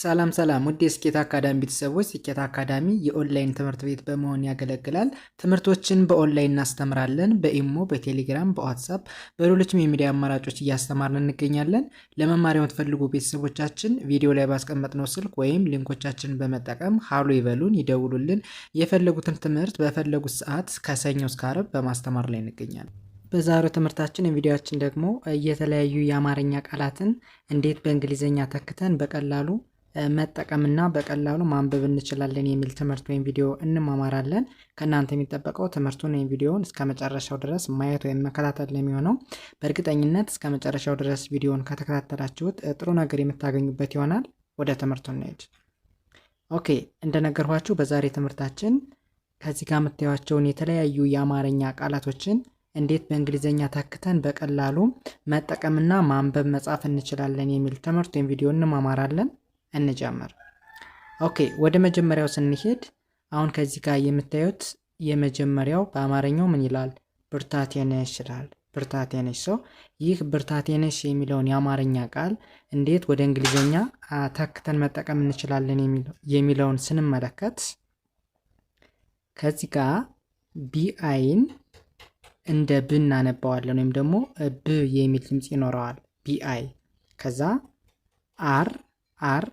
ሰላም ሰላም ውድ የስኬት አካዳሚ ቤተሰቦች፣ ስኬት አካዳሚ የኦንላይን ትምህርት ቤት በመሆን ያገለግላል። ትምህርቶችን በኦንላይን እናስተምራለን። በኢሞ፣ በቴሌግራም፣ በዋትሳፕ፣ በሌሎችም የሚዲያ አማራጮች እያስተማርን እንገኛለን። ለመማሪያ የምትፈልጉ ቤተሰቦቻችን ቪዲዮ ላይ ባስቀመጥነው ስልክ ወይም ሊንኮቻችንን በመጠቀም ሀሎ ይበሉን፣ ይደውሉልን። የፈለጉትን ትምህርት በፈለጉት ሰዓት ከሰኞ እስከ ዓርብ በማስተማር ላይ እንገኛለን። በዛሬው ትምህርታችን ቪዲዮችን ደግሞ የተለያዩ የአማርኛ ቃላትን እንዴት በእንግሊዝኛ ተክተን በቀላሉ መጠቀምና በቀላሉ ማንበብ እንችላለን የሚል ትምህርት ወይም ቪዲዮ እንማማራለን። ከእናንተ የሚጠበቀው ትምህርቱን ወይም ቪዲዮውን እስከ መጨረሻው ድረስ ማየት ወይም መከታተል የሚሆነው። በእርግጠኝነት እስከ መጨረሻው ድረስ ቪዲዮውን ከተከታተላችሁት ጥሩ ነገር የምታገኙበት ይሆናል። ወደ ትምህርቱ እንሄድ። ኦኬ፣ እንደነገርኋችሁ በዛሬ ትምህርታችን ከዚህ ጋር የምታዩቸውን የተለያዩ የአማርኛ ቃላቶችን እንዴት በእንግሊዝኛ ተክተን በቀላሉ መጠቀምና ማንበብ መጻፍ እንችላለን የሚል ትምህርት ወይም ቪዲዮ እንማማራለን። እንጀምር። ኦኬ ወደ መጀመሪያው ስንሄድ አሁን ከዚህ ጋር የምታዩት የመጀመሪያው በአማርኛው ምን ይላል? ብርታቴ ነሽ ይላል። ብርታቴ ነሽ ሰው ይህ ብርታቴ ነሽ የሚለውን የአማርኛ ቃል እንዴት ወደ እንግሊዝኛ ተክተን መጠቀም እንችላለን የሚለውን ስንመለከት ከዚህ ጋር ቢአይን እንደ ብ እናነባዋለን ወይም ደግሞ ብ የሚል ድምፅ ይኖረዋል። ቢአይ ከዛ አር አር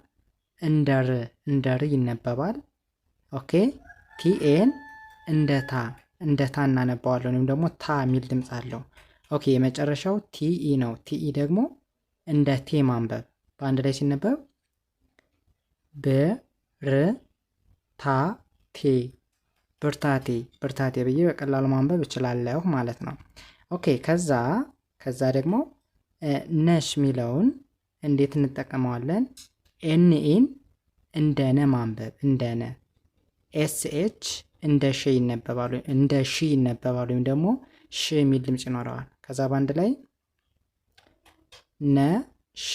እንደር እንደር ይነበባል። ኦኬ ቲኤን እንደ ታ እንደ ታ እናነባዋለን ወይም ደግሞ ታ የሚል ድምፅ አለው። ኦኬ የመጨረሻው ቲኢ ነው። ቲኢ ደግሞ እንደ ቴ ማንበብ በአንድ ላይ ሲነበብ ብር ቴ ብርታቴ ብርታቴ ብዬ በቀላሉ ማንበብ እችላለሁ ማለት ነው። ኦኬ ከዛ ከዛ ደግሞ ነሽ የሚለውን እንዴት እንጠቀመዋለን? ኤንኤን እንደ ነ ማንበብ እንደ ነ ኤስኤች እንደ ሽ ይነበባል፣ እንደ ሺ ይነበባል ወይም ደግሞ ሽ የሚል ድምፅ ይኖረዋል። ከዛ በአንድ ላይ ነ ሽ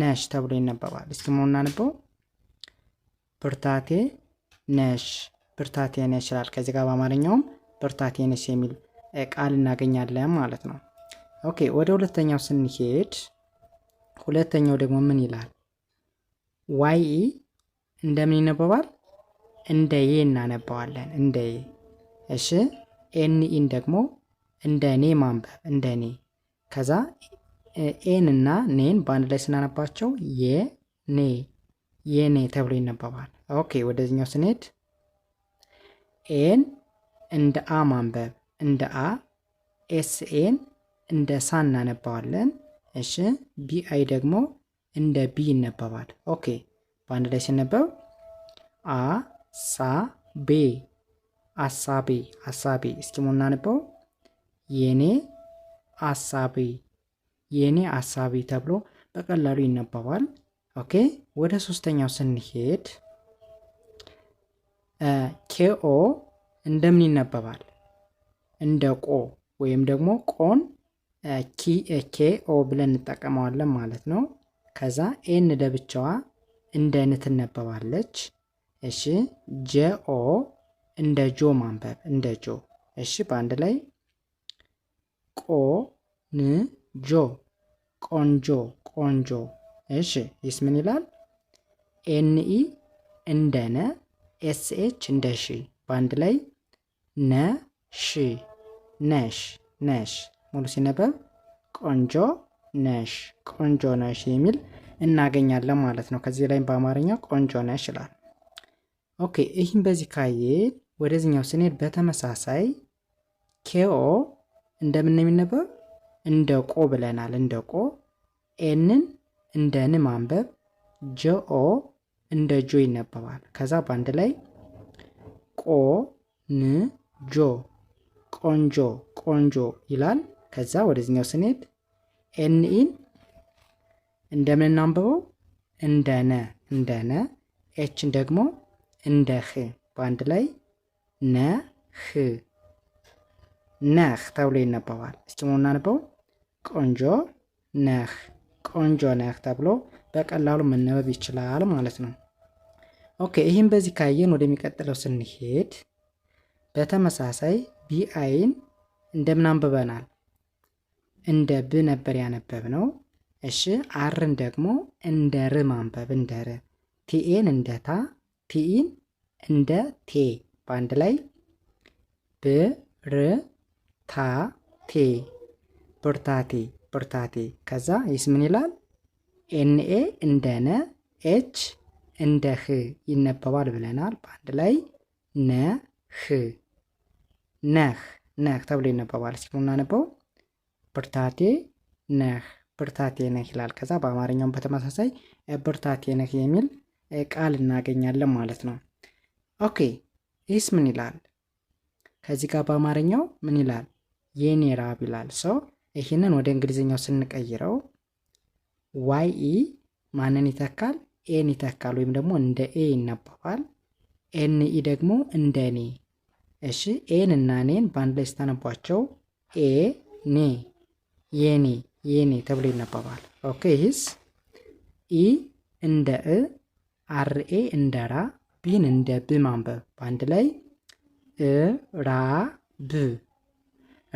ነሽ ተብሎ ይነበባል። እስኪ መሆን እናንበው። ብርታቴ ነሽ፣ ብርታቴ ነሽ ይላል። ከዚህ ጋር በአማርኛውም ብርታቴ ነሽ የሚል ቃል እናገኛለን ማለት ነው። ኦኬ ወደ ሁለተኛው ስንሄድ ሁለተኛው ደግሞ ምን ይላል? ዋይ ኢ እንደምን ይነበባል? እንደ ዬ እናነባዋለን። እንደ ዬ። እሺ ኤን ኢን ደግሞ እንደ ኔ ማንበብ እንደ ኔ። ከዛ ኤን እና ኔን በአንድ ላይ ስናነባቸው የ ኔ የኔ ተብሎ ይነበባል። ኦኬ ወደዚኛው ስንሄድ ኤን እንደ አ ማንበብ እንደ አ። ኤስ ኤን እንደ ሳ እናነባዋለን። እሺ ቢ አይ ደግሞ እንደ ቢ ይነበባል። ኦኬ በአንድ ላይ ሲነበብ አ ሳ ቤ አሳቤ አሳቤ። እስኪ ሞ የኔ አሳቤ የኔ አሳቤ ተብሎ በቀላሉ ይነበባል። ኦኬ ወደ ሶስተኛው ስንሄድ ኬኦ እንደምን ይነበባል? እንደ ቆ ወይም ደግሞ ቆን ኬኦ ብለን እንጠቀመዋለን ማለት ነው። ከዛ ኤን ለብቻዋ እንደ ን ትነበባለች። እሺ ጄኦ እንደ ጆ ማንበብ እንደ ጆ። እሺ በአንድ ላይ ቆ ን ጆ ቆንጆ ቆንጆ። እሺ ይስ ምን ይላል? ኤንኢ እንደ ነ ኤስኤች እንደ ሺ በአንድ ላይ ነ ሺ ነሽ ነሽ ሙሉ ሲነበብ ቆንጆ ነሽ፣ ቆንጆ ነሽ የሚል እናገኛለን ማለት ነው። ከዚህ ላይ በአማርኛ ቆንጆ ነሽ ይላል። ኦኬ ይህም በዚህ ካየን ወደዚህኛው ስንሄድ በተመሳሳይ ኬኦ እንደምን ነው የሚነበብ? እንደ ቆ ብለናል። እንደ ቆ ኤንን እንደ ን ማንበብ ጆኦ እንደ ጆ ይነበባል። ከዛ በአንድ ላይ ቆ ን ጆ ቆንጆ ቆንጆ ይላል። ከዛ ወደዚኛው ስንሄድ ኤንኢን እንደምን እናንብበው እንደ ነ እንደ ነ ኤችን ደግሞ እንደ ህ በአንድ ላይ ነ ህ ነህ ተብሎ ይነበባል። እስኪ ሞ እናንበው ቆንጆ ነህ ቆንጆ ነህ ተብሎ በቀላሉ መነበብ ይችላል ማለት ነው። ኦኬ ይህም በዚህ ካየን ወደሚቀጥለው ስንሄድ በተመሳሳይ ቢአይን እንደምን አንብበናል እንደ ብ ነበር ያነበብ ነው። እሺ አርን ደግሞ እንደ ር ማንበብ እንደ ር፣ ቲኤን እንደ ታ፣ ቲኢን እንደ ቴ በአንድ ላይ ብ ር ታ ቴ ብርታቴ ብርታቴ። ከዛ ይስ ምን ይላል? ኤንኤ እንደ ነ፣ ኤች እንደ ህ ይነበባል ብለናል። በአንድ ላይ ነ ህ ነህ ነህ ተብሎ ይነበባል። ሲሉ እናነበው ብርታቴ ነህ ብርታቴ ነህ ይላል። ከዛ በአማርኛውም በተመሳሳይ ብርታቴ ነህ የሚል ቃል እናገኛለን ማለት ነው። ኦኬ ይህስ ምን ይላል? ከዚህ ጋር በአማርኛው ምን ይላል? የኔ ራብ ይላል። ሰው ይህንን ወደ እንግሊዝኛው ስንቀይረው ዋይ ኢ ማንን ይተካል? ኤን ይተካል ወይም ደግሞ እንደ ኤ ይነበባል። ኤን ኢ ደግሞ እንደ ኔ። እሺ ኤን እና ኔን በአንድ ላይ ስታነቧቸው ኤ ኔ የኔ የኔ ተብሎ ይነበባል። ኦኬ ይህስ ኢ እንደ እ አርኤ እንደ ራ ቢን እንደ ብ ማንበብ በአንድ ላይ እ ራ ብ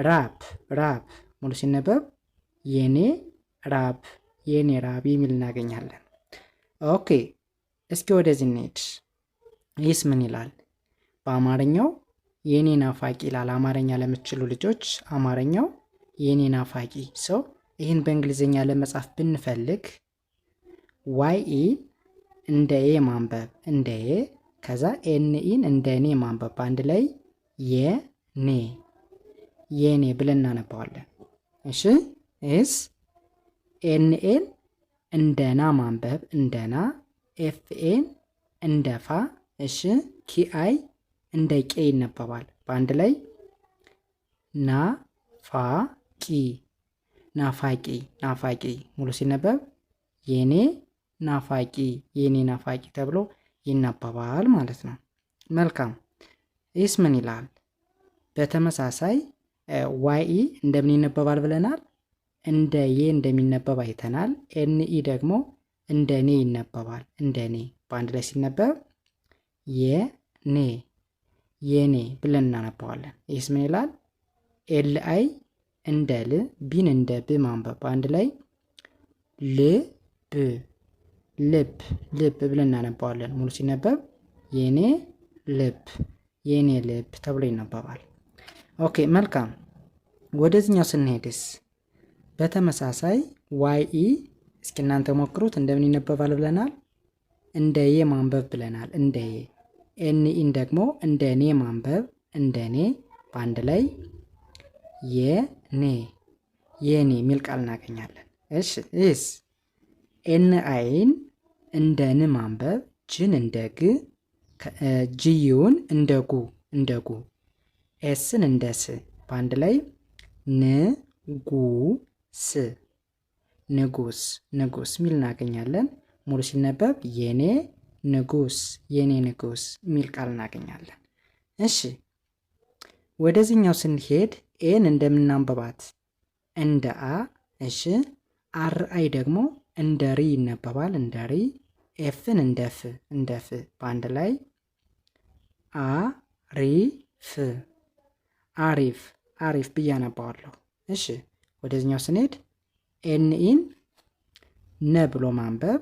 ራፕ ራፕ ሙሉ ሲነበብ የኔ ራፕ የኔ ራብ የሚል እናገኛለን። ኦኬ እስኪ ወደዚህ እንሄድ። ይህስ ምን ይላል? በአማርኛው የኔ ናፋቂ ይላል። አማርኛ ለምትችሉ ልጆች አማርኛው የኔ ናፋቂ ሰው ይህን በእንግሊዝኛ ለመጻፍ ብንፈልግ ዋይ ኢን እንደ ኤ ማንበብ እንደ ኤ ከዛ ኤን ኢን እንደ ኔ ማንበብ በአንድ ላይ የኔ የኔ ብለን እናነባዋለን። እሺ ኤስ ኤን ኤን እንደ ና ማንበብ እንደ ና ኤፍ ኤን እንደ ፋ እሺ ኪ አይ እንደ ቄ ይነበባል። በአንድ ላይ ና ፋ ቂ ናፋቂ ናፋቂ ሙሉ ሲነበብ የኔ ናፋቂ የኔ ናፋቂ ተብሎ ይነበባል ማለት ነው። መልካም ይስ ምን ይላል? በተመሳሳይ ዋይ ኢ እንደምን ይነበባል ብለናል። እንደ ዬ እንደሚነበብ አይተናል። ኤን ኢ ደግሞ እንደ ኔ ይነበባል። እንደ ኔ በአንድ ላይ ሲነበብ የኔ የኔ ብለን እናነበዋለን። ይስ ምን ይላል? ኤል አይ እንደ ል ቢን እንደ ብ ማንበብ አንድ ላይ ል ብ ልብ ልብ ብለን እናነባዋለን። ሙሉ ሲነበብ የኔ ልብ የኔ ልብ ተብሎ ይነበባል። ኦኬ መልካም። ወደዚኛው ስንሄድስ በተመሳሳይ ዋይ ኢ እስኪ እናንተ ሞክሩት። እንደምን ይነበባል ብለናል? እንደ የ ማንበብ ብለናል። እንደ የ ኤን ኢን ደግሞ እንደ እኔ ማንበብ እንደ እኔ በአንድ ላይ የ ኔ የኔ የሚል ቃል እናገኛለን። እሺ ኤን አይን እንደ ን ማንበብ ጅን እንደ ግ ጅዩን እንደ ጉ እንደ ጉ ኤስን እንደ ስ በአንድ ላይ ን ጉ ስ ንጉስ ንጉስ የሚል እናገኛለን። ሙሉ ሲነበብ የኔ ንጉስ የኔ ንጉስ የሚል ቃል እናገኛለን። እሺ ወደዚህኛው ስንሄድ ኤን እንደምናንበባት እንደ አ እሺ አር አይ ደግሞ እንደ ሪ ይነበባል እንደ ሪ ኤፍን እንደ ፍ እንደ ፍ በአንድ ላይ አ ሪ ፍ አሪፍ አሪፍ ብዬ አነባዋለሁ። እሺ ወደዚኛው ስንሄድ ኤንኢን ነ ብሎ ማንበብ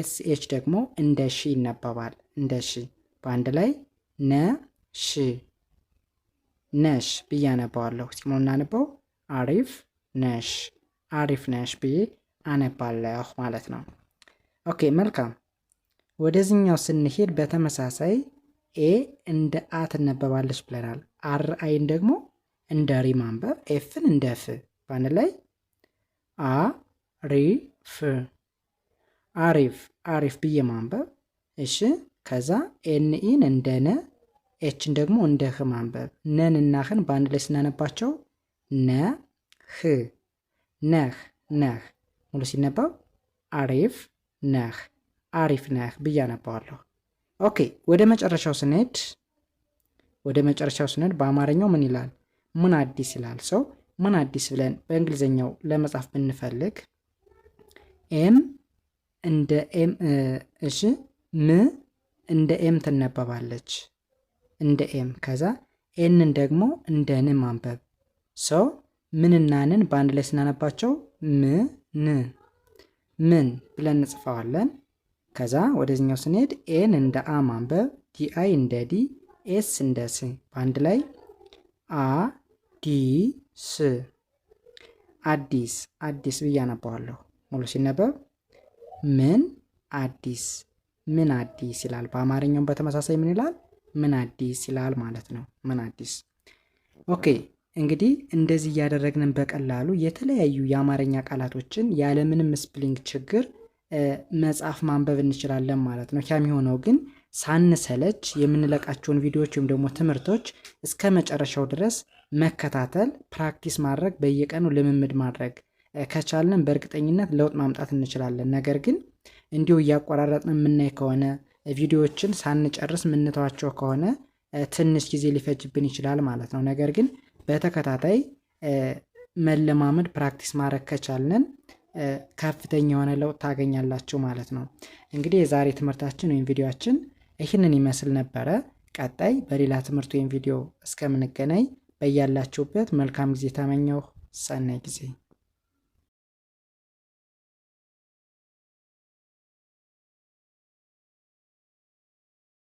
ኤስኤች ደግሞ እንደ ሺ ይነበባል እንደ ሺ በአንድ ላይ ነ ሺ ነሽ ብዬ አነባዋለሁ። ሲሞን እናንበው አሪፍ ነሽ፣ አሪፍ ነሽ ብዬ አነባለሁ ማለት ነው። ኦኬ መልካም። ወደዚህኛው ስንሄድ በተመሳሳይ ኤ እንደ አ ትነበባለች ብለናል። አር አይን ደግሞ እንደ ሪ ማንበብ፣ ኤፍን እንደ ፍ በአንድ ላይ አ ሪ ፍ አሪፍ አሪፍ ብዬ ማንበብ። እሺ ከዛ ኤንኢን እንደ ነ ኤችን ደግሞ እንደ ህ ማንበብ ነን እና ህን በአንድ ላይ ስናነባቸው ነ ህ ነህ ነህ ሙሉ ሲነባው አሪፍ ነህ አሪፍ ነህ ብዬ አነባዋለሁ። ኦኬ ወደ መጨረሻው ስንሄድ ወደ መጨረሻው ስንሄድ በአማርኛው ምን ይላል? ምን አዲስ ይላል። ሰው ምን አዲስ ብለን በእንግሊዝኛው ለመጻፍ ብንፈልግ ኤም እንደ ኤም እሺ ም እንደ ኤም ትነበባለች። እንደ ኤም ከዛ ኤንን ደግሞ እንደ ን ማንበብ ሶ ምንና ንን በአንድ ላይ ስናነባቸው ም ን ምን ብለን እንጽፈዋለን። ከዛ ወደዚኛው ስንሄድ ኤን እንደ አ ማንበብ፣ ዲአይ እንደ ዲ፣ ኤስ እንደ ስ በአንድ ላይ አ ዲ ስ አዲስ አዲስ ብዬ አነባዋለሁ። ሙሉ ሲነበብ ምን አዲስ ምን አዲስ ይላል። በአማርኛውም በተመሳሳይ ምን ይላል? ምን አዲስ ይላል ማለት ነው። ምን አዲስ ኦኬ። እንግዲህ እንደዚህ እያደረግንን በቀላሉ የተለያዩ የአማርኛ ቃላቶችን ያለምንም ስፕሊንግ ችግር መጻፍ ማንበብ እንችላለን ማለት ነው። የሆነው ግን ሳንሰለች የምንለቃቸውን ቪዲዮዎች ወይም ደግሞ ትምህርቶች እስከ መጨረሻው ድረስ መከታተል፣ ፕራክቲስ ማድረግ፣ በየቀኑ ልምምድ ማድረግ ከቻልን በእርግጠኝነት ለውጥ ማምጣት እንችላለን። ነገር ግን እንዲሁ እያቆራረጥን የምናይ ከሆነ ቪዲዮዎችን ሳንጨርስ ምንተዋቸው ከሆነ ትንሽ ጊዜ ሊፈጅብን ይችላል ማለት ነው። ነገር ግን በተከታታይ መለማመድ ፕራክቲስ ማድረግ ከቻልንን ከፍተኛ የሆነ ለውጥ ታገኛላችሁ ማለት ነው። እንግዲህ የዛሬ ትምህርታችን ወይም ቪዲዮችን ይህንን ይመስል ነበረ። ቀጣይ በሌላ ትምህርት ወይም ቪዲዮ እስከምንገናኝ በያላችሁበት መልካም ጊዜ ተመኘሁ። ሰናይ ጊዜ